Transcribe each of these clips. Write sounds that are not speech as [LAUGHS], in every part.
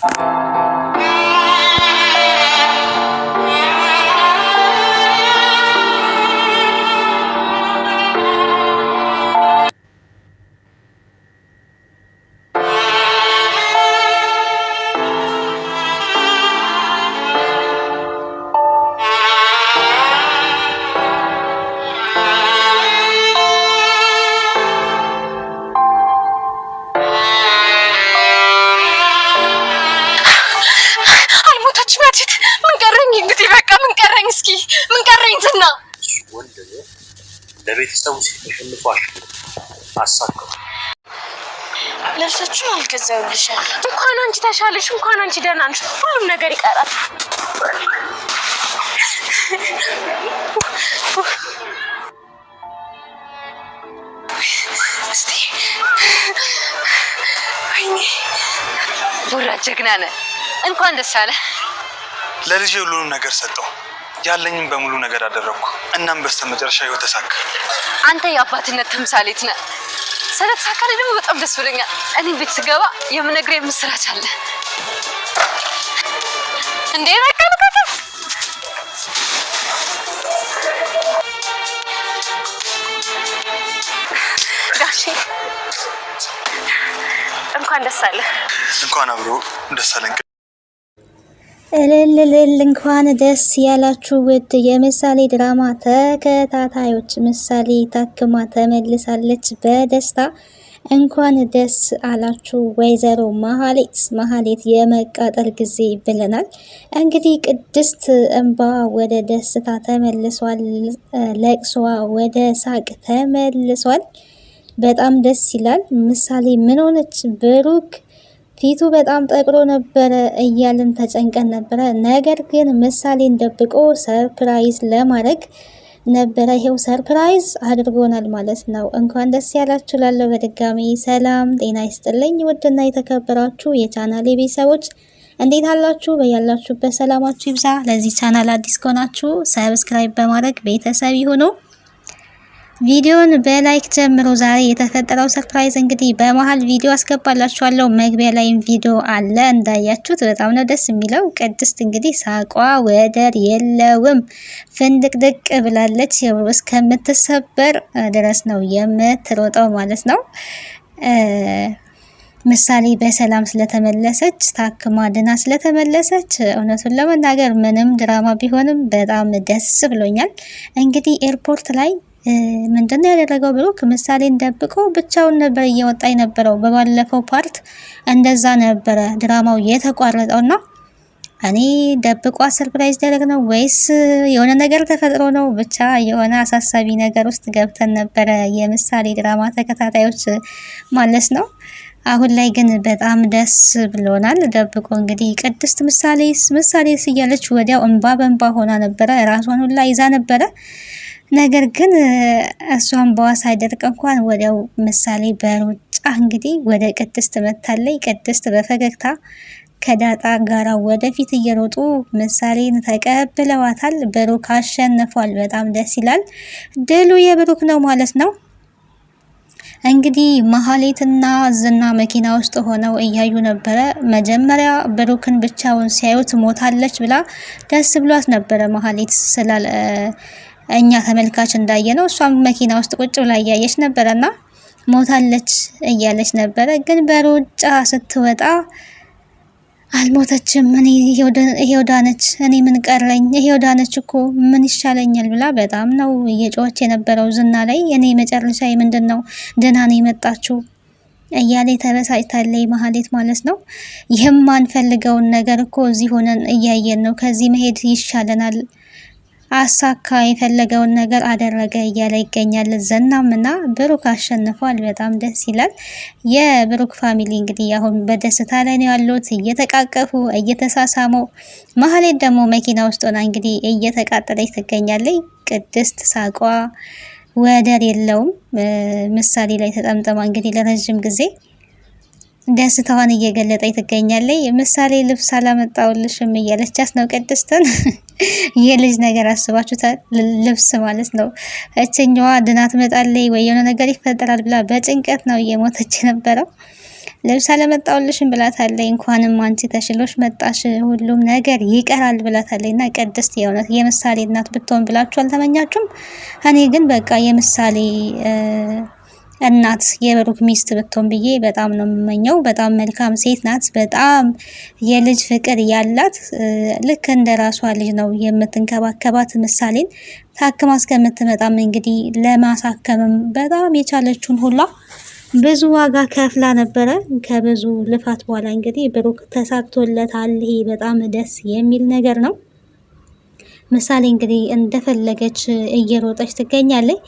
Thank ለቤተሰቡ ሲል ተሸንፎ አሳካው። ልብሶቹን አልገዛሁልሽም። እንኳን አንቺ ተሻለሽ፣ እንኳን አንቺ ደህና ነሽ። ሁሉም ነገር ይቀራል። ቡራ ጀግና ነህ። እንኳን ደስ ለልጅ ለልጄ ሁሉንም ነገር ሰጠው። ያለኝም በሙሉ ነገር አደረግኩ። እናም በስተ መጨረሻ ህይወት ተሳካ። አንተ የአባትነት ተምሳሌት ነህ። ስለተሳካልኝ ደግሞ በጣም ደስ ብሎኛል። እኔ ቤት ስገባ የምነግርህ የምስራች አለ። እንዴ ጋሼ እንኳን ደስ አለ። እንኳን አብሮ ደስ አለን። እልልልል እንኳን ደስ ያላችሁ ውድ የምሳሌ ድራማ ተከታታዮች፣ ምሳሌ ታክማ ተመልሳለች በደስታ እንኳን ደስ አላችሁ ወይዘሮ መሀሌት። መሀሌት የመቃጠል ጊዜ ብለናል። እንግዲህ ቅድስት እንባ ወደ ደስታ ተመልሷል። ለቅሷ ወደ ሳቅ ተመልሷል። በጣም ደስ ይላል። ምሳሌ ምን ሆነች ብሩክ ፊቱ በጣም ጠቅሮ ነበረ እያልን ተጨንቀን ነበረ። ነገር ግን ምሳሌን ደብቆ ሰርፕራይዝ ለማድረግ ነበረ። ይሄው ሰርፕራይዝ አድርጎናል ማለት ነው። እንኳን ደስ ያላችሁ ላለው በድጋሚ ሰላም ጤና ይስጥልኝ። ውድና የተከበራችሁ የቻናሌ ቤተሰቦች እንዴት አላችሁ? በያላችሁበት ሰላማችሁ ይብዛ። ለዚህ ቻናል አዲስ ከሆናችሁ ሰብስክራይብ በማድረግ ቤተሰብ ይሁኑ። ቪዲዮን በላይክ ጀምሮ ዛሬ የተፈጠረው ሰርፕራይዝ እንግዲህ በመሀል ቪዲዮ አስገባላችኋለሁ። መግቢያ ላይም ቪዲዮ አለ እንዳያችሁት፣ በጣም ነው ደስ የሚለው። ቅድስት እንግዲህ ሳቋ ወደር የለውም፣ ፍንድቅድቅ ብላለች። እስከምትሰበር ድረስ ነው የምትሮጠው ማለት ነው። ምሳሌ በሰላም ስለተመለሰች ታክማ ድና ስለተመለሰች እውነቱን ለመናገር ምንም ድራማ ቢሆንም በጣም ደስ ብሎኛል። እንግዲህ ኤርፖርት ላይ ምንድን ነው ያደረገው ብሎ ምሳሌን ደብቆ ብቻውን ነበር እየወጣ የነበረው። በባለፈው ፓርት እንደዛ ነበረ ድራማው የተቋረጠው እና እኔ ደብቆ ሰርፕራይዝ ደረግ ነው ወይስ የሆነ ነገር ተፈጥሮ ነው? ብቻ የሆነ አሳሳቢ ነገር ውስጥ ገብተን ነበረ የምሳሌ ድራማ ተከታታዮች ማለት ነው። አሁን ላይ ግን በጣም ደስ ብሎናል። ደብቆ እንግዲህ ቅድስት ምሳሌ ምሳሌ እያለች ወዲያው እንባ በእንባ ሆና ነበረ። ራሷን ሁላ ይዛ ነበረ ነገር ግን እሷን በዋሳ ደርቅ እንኳን ወዲያው ምሳሌ በሩጫ እንግዲህ ወደ ቅድስት መታለይ ቅድስት በፈገግታ ከዳጣ ጋራ ወደፊት እየሮጡ ምሳሌን ተቀብለዋታል። ብሩክ አሸንፏል። በጣም ደስ ይላል። ድሉ የብሩክ ነው ማለት ነው። እንግዲህ መሀሌትና ዝና መኪና ውስጥ ሆነው እያዩ ነበረ። መጀመሪያ ብሩክን ብቻውን ሲያዩት ሞታለች ብላ ደስ ብሏት ነበረ መሀሌት ስላል እኛ ተመልካች እንዳየ ነው እሷም መኪና ውስጥ ቁጭ ብላ እያየች ነበረና ሞታለች እያለች ነበረ። ግን በሩጫ ስትወጣ አልሞተችም፣ እኔ ይሄው ዳነች፣ እኔ ምን ቀረኝ፣ ይሄው ዳነች እኮ ምን ይሻለኛል ብላ በጣም ነው እየጮች የነበረው ዝና ላይ። እኔ መጨረሻ ምንድን ነው ድና ነው የመጣችው እያለ ተበሳጭታለች መሀሌት ማለት ነው። የማንፈልገውን ነገር እኮ እዚህ ሆነን እያየን ነው፣ ከዚህ መሄድ ይሻለናል አሳካ የፈለገውን ነገር አደረገ እያለ ይገኛል። ዘናም እና ብሩክ አሸንፏል። በጣም ደስ ይላል። የብሩክ ፋሚሊ እንግዲህ አሁን በደስታ ላይ ነው ያሉት፣ እየተቃቀፉ እየተሳሳሙ። መሀሌት ደግሞ መኪና ውስጥ ሆና እንግዲህ እየተቃጠለች ትገኛለች። ቅድስት ሳቋ ወደር የለውም። ምሳሌ ላይ ተጠምጠማ እንግዲህ ለረዥም ጊዜ ደስታዋን እየገለጠች ትገኛለች። ምሳሌ ልብስ አላመጣውልሽም እያለቻት ነው ቅድስትን። የልጅ [LAUGHS] ነገር አስባችሁታል? ልብስ ማለት ነው። እችኛዋ ድና ትመጣለች ወይ የሆነ ነገር ይፈጠራል ብላ በጭንቀት ነው እየሞተች የነበረው። ልብስ አለመጣውልሽም ብላታለች። እንኳንም አንቺ ተሽሎሽ መጣሽ ሁሉም ነገር ይቀራል ብላታለች። እና ቅድስት የእውነት የምሳሌ እናት ብትሆን ብላችሁ አልተመኛችሁም? እኔ ግን በቃ የምሳሌ እናት የብሩክ ሚስት ብትሆን ብዬ በጣም ነው የምመኘው። በጣም መልካም ሴት ናት። በጣም የልጅ ፍቅር ያላት ልክ እንደ ራሷ ልጅ ነው የምትንከባከባት። ምሳሌን ታክማ እስከምትመጣም እንግዲህ ለማሳከምም በጣም የቻለችውን ሁላ ብዙ ዋጋ ከፍላ ነበረ። ከብዙ ልፋት በኋላ እንግዲህ ብሩክ ተሳክቶለታል። ይሄ በጣም ደስ የሚል ነገር ነው። ምሳሌ እንግዲህ እንደፈለገች እየሮጠች ትገኛለች።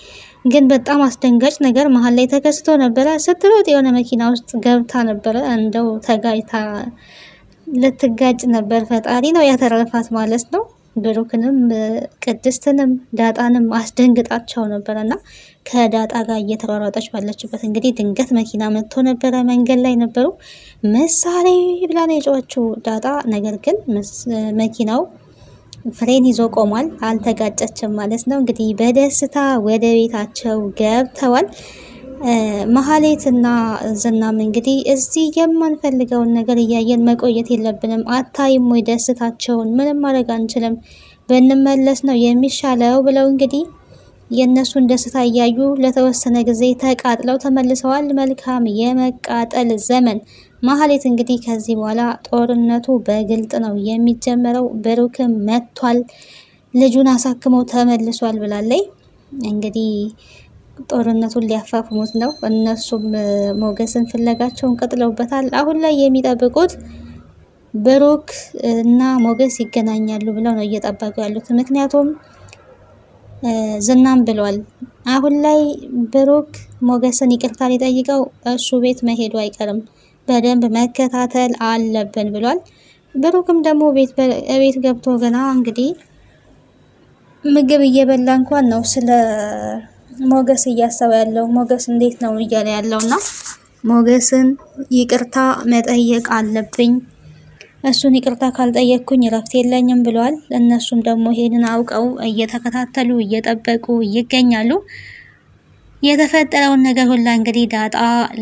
ግን በጣም አስደንጋጭ ነገር መሀል ላይ ተከስቶ ነበረ። ስትሮጥ የሆነ መኪና ውስጥ ገብታ ነበረ። እንደው ተጋጭታ ልትጋጭ ነበር። ፈጣሪ ነው ያተረፋት ማለት ነው። ብሩክንም ቅድስትንም ዳጣንም አስደንግጣቸው ነበረ እና ከዳጣ ጋር እየተሯሯጠች ባለችበት እንግዲህ ድንገት መኪና መጥቶ ነበረ። መንገድ ላይ ነበሩ። ምሳሌ ብላ ነው የጮኸችው ዳጣ። ነገር ግን መኪናው ፍሬን ይዞ ቆሟል። አልተጋጨችም ማለት ነው። እንግዲህ በደስታ ወደ ቤታቸው ገብተዋል። መሀሌት እና ዝናም እንግዲህ እዚህ የማንፈልገውን ነገር እያየን መቆየት የለብንም። አታይም ወይ ደስታቸውን? ምንም ማድረግ አንችልም፣ ብንመለስ ነው የሚሻለው ብለው እንግዲህ የእነሱን ደስታ እያዩ ለተወሰነ ጊዜ ተቃጥለው ተመልሰዋል። መልካም የመቃጠል ዘመን። ማህሌት እንግዲህ ከዚህ በኋላ ጦርነቱ በግልጥ ነው የሚጀመረው። ብሩክም መጥቷል፣ ልጁን አሳክመው ተመልሷል ብላለይ እንግዲህ ጦርነቱን ሊያፋፍሙት ነው። እነሱም ሞገስን ፍለጋቸውን ቀጥለውበታል። አሁን ላይ የሚጠብቁት ብሩክ እና ሞገስ ይገናኛሉ ብለው ነው እየጠበቁ ያሉት ምክንያቱም ዝናም ብሏል። አሁን ላይ ብሩክ ሞገስን ይቅርታ ሊጠይቀው እሱ ቤት መሄዱ አይቀርም፣ በደንብ መከታተል አለብን ብሏል። ብሩክም ደግሞ ቤት ገብቶ ገና እንግዲህ ምግብ እየበላ እንኳን ነው ስለ ሞገስ እያሰበ ያለው ሞገስ እንዴት ነው እያለ ያለውና ሞገስን ይቅርታ መጠየቅ አለብኝ እሱን ይቅርታ ካልጠየቅኩኝ እረፍት የለኝም ብለዋል። እነሱም ደግሞ ይሄንን አውቀው እየተከታተሉ እየጠበቁ ይገኛሉ። የተፈጠረውን ነገር ሁላ እንግዲህ ዳጣ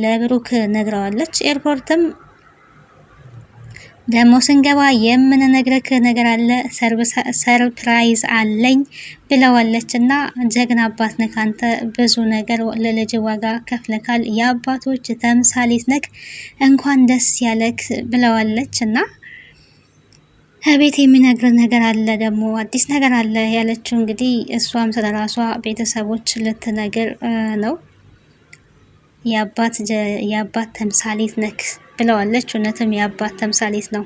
ለብሩክ ነግረዋለች። ኤርፖርትም ደግሞ ስንገባ የምንነግርህ ነገር አለ፣ ሰርፕራይዝ አለኝ ብለዋለች። እና ጀግና አባት ነክ አንተ፣ ብዙ ነገር ለልጅ ዋጋ ከፍለካል፣ የአባቶች ተምሳሌት ነክ እንኳን ደስ ያለክ ብለዋለች እና ቤት የሚነግር ነገር አለ ደግሞ አዲስ ነገር አለ ያለችው እንግዲህ እሷም ስለ ራሷ ቤተሰቦች ልትነግር ነው። የአባት ተምሳሌት ነክ ብለዋለች። እውነትም የአባት ተምሳሌት ነው።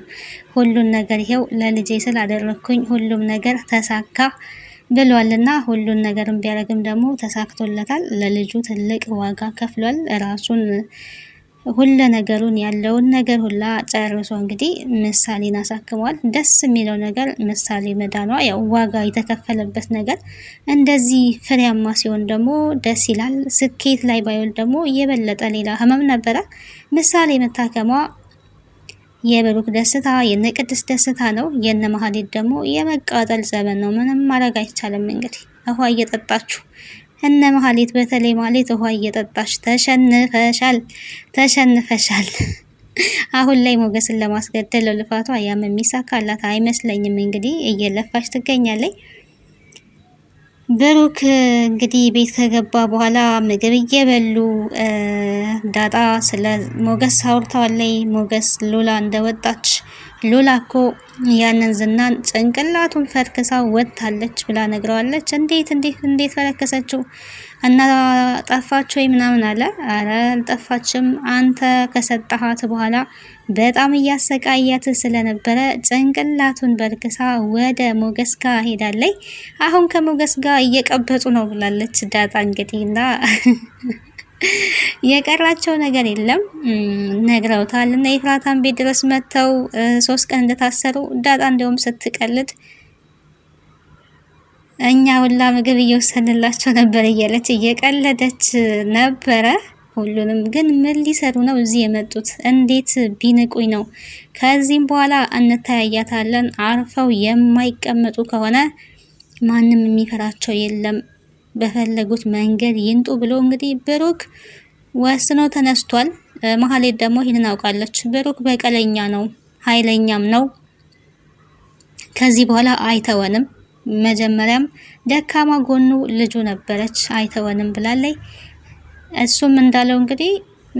ሁሉን ነገር ይሄው ለልጄ ስል አደረግኩኝ፣ ሁሉም ነገር ተሳካ ብሏልና ሁሉን ነገርም ቢያደርግም ደግሞ ተሳክቶለታል። ለልጁ ትልቅ ዋጋ ከፍሏል። ራሱን ሁለ ነገሩን ያለውን ነገር ሁላ ጨርሶ እንግዲህ ምሳሌን አሳክሟል። ደስ የሚለው ነገር ምሳሌ መዳኗ፣ ያው ዋጋ የተከፈለበት ነገር እንደዚህ ፍሬያማ ሲሆን ደግሞ ደስ ይላል። ስኬት ላይ ባይሆን ደግሞ የበለጠ ሌላ ህመም ነበረ። ምሳሌ መታከሟ የብሩክ ደስታ የነ ቅድስት ደስታ ነው። የነ መሀሌት ደግሞ የመቃጠል ዘመን ነው። ምንም ማድረግ አይቻልም። እንግዲህ ውሃ እየጠጣችሁ እነ መሀሌት በተለይ ማለት ውሃ እየጠጣሽ ተሸንፈሻል፣ ተሸንፈሻል። [LAUGHS] አሁን ላይ ሞገስን ለማስገደል ልፋቷ ያም የሚሳካላት አይመስለኝም። እንግዲህ እየለፋች ትገኛለች። ብሩክ እንግዲህ ቤት ከገባ በኋላ ምግብ እየበሉ ዳጣ ስለ ሞገስ አውርተዋለይ። ሞገስ ሉላ እንደወጣች ሉላ እኮ ያንን ዝናን ጭንቅላቱን ፈርክሳ ወጥታለች ብላ ነግረዋለች። እንዴት እንዴት እንዴት ፈረከሰችው እና ጠፋች ወይ ምናምን አለ። አረ አልጠፋችም፣ አንተ ከሰጠሃት በኋላ በጣም እያሰቃያት ስለነበረ ጭንቅላቱን በርክሳ ወደ ሞገስ ጋር ሄዳለች። አሁን ከሞገስ ጋር እየቀበጡ ነው ብላለች ዳጣ እንግዲህ እና የቀራቸው ነገር የለም ነግረውታል። እና የፍራታን ቤት ድረስ መጥተው ሶስት ቀን እንደታሰሩ ዳጣ እንደውም ስትቀልድ እኛ ሁላ ምግብ እየወሰንላቸው ነበር እያለች እየቀለደች ነበረ። ሁሉንም ግን ምን ሊሰሩ ነው እዚህ የመጡት? እንዴት ቢንቁኝ ነው? ከዚህም በኋላ እንተያያታለን። አርፈው የማይቀመጡ ከሆነ ማንም የሚፈራቸው የለም በፈለጉት መንገድ ይንጡ ብሎ እንግዲህ ብሩክ ወስኖ ተነስቷል። መሀሌት ደግሞ ይህንን አውቃለች። ብሩክ በቀለኛ ነው፣ ኃይለኛም ነው። ከዚህ በኋላ አይተወንም። መጀመሪያም ደካማ ጎኑ ልጁ ነበረች፣ አይተወንም ብላለይ። እሱም እንዳለው እንግዲህ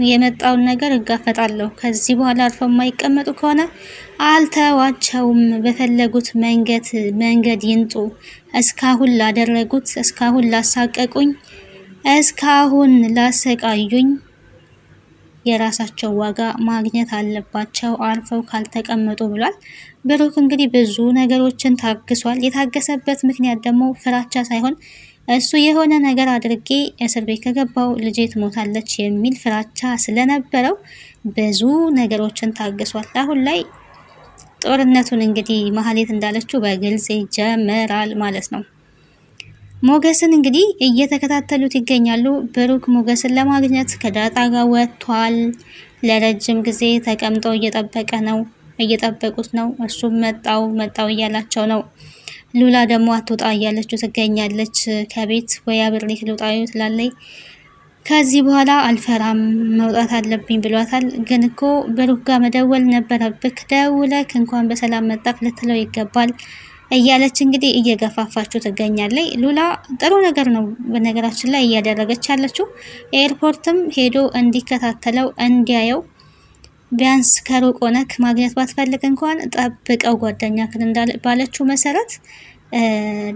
የመጣውን ነገር እጋፈጣለሁ። ከዚህ በኋላ አርፎ የማይቀመጡ ከሆነ አልተዋቸውም። በፈለጉት መንገድ መንገድ ይንጡ። እስካሁን ላደረጉት፣ እስካሁን ላሳቀቁኝ፣ እስካሁን ላሰቃዩኝ የራሳቸው ዋጋ ማግኘት አለባቸው አርፈው ካልተቀመጡ ብሏል። ብሩክ እንግዲህ ብዙ ነገሮችን ታግሷል። የታገሰበት ምክንያት ደግሞ ፍራቻ ሳይሆን እሱ የሆነ ነገር አድርጌ እስር ቤት ከገባው ልጄ ትሞታለች የሚል ፍራቻ ስለነበረው ብዙ ነገሮችን ታግሷል። አሁን ላይ ጦርነቱን እንግዲህ መሀሌት እንዳለችው በግልጽ ይጀምራል ማለት ነው። ሞገስን እንግዲህ እየተከታተሉት ይገኛሉ። ብሩክ ሞገስን ለማግኘት ከዳጣ ጋር ወጥቷል። ለረጅም ጊዜ ተቀምጦ እየጠበቀ ነው እየጠበቁት ነው። እሱም መጣው መጣው እያላቸው ነው። ሉላ ደግሞ አትወጣ እያለችው ትገኛለች ከቤት ወይ አብሬ ልውጣ ትላለች። ከዚህ በኋላ አልፈራም መውጣት አለብኝ ብሏታል። ግን እኮ ብሩክ ጋር መደወል ነበረብክ፣ ደውለክ እንኳን በሰላም መጣክ ልትለው ይገባል እያለች እንግዲህ እየገፋፋችሁ ትገኛለች። ሉላ ጥሩ ነገር ነው በነገራችን ላይ እያደረገች ያለችው ኤርፖርትም ሄዶ እንዲከታተለው እንዲያየው ቢያንስ ከሩቅ ሆነክ ማግኘት ባትፈልግ እንኳን ጠብቀው ክን ባለችው መሰረት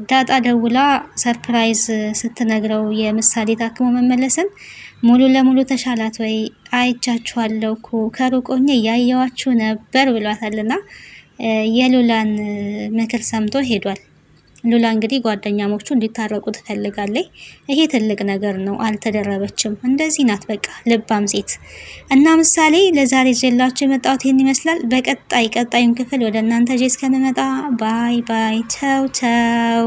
ዳጣ ደውላ ሰርፕራይዝ ስትነግረው የምሳሌ ታክሞ መመለስን ሙሉ ለሙሉ ተሻላት ወይ አይቻችኋለሁ እኮ ከሩቅ ሆኜ እያየዋችሁ ነበር ብሏታልና የሉላን ምክር ሰምቶ ሄዷል። ሉላ እንግዲህ ጓደኛሞቹ እንዲታረቁ ትፈልጋለች። ይሄ ትልቅ ነገር ነው። አልተደረበችም። እንደዚህ ናት በቃ ልባም ሴት እና ምሳሌ ለዛሬ ይዤላችሁ የመጣሁት ይህን ይመስላል። በቀጣይ ቀጣዩን ክፍል ወደ እናንተ ጄ እስከምመጣ ባይ ባይ፣ ቸው ቸው።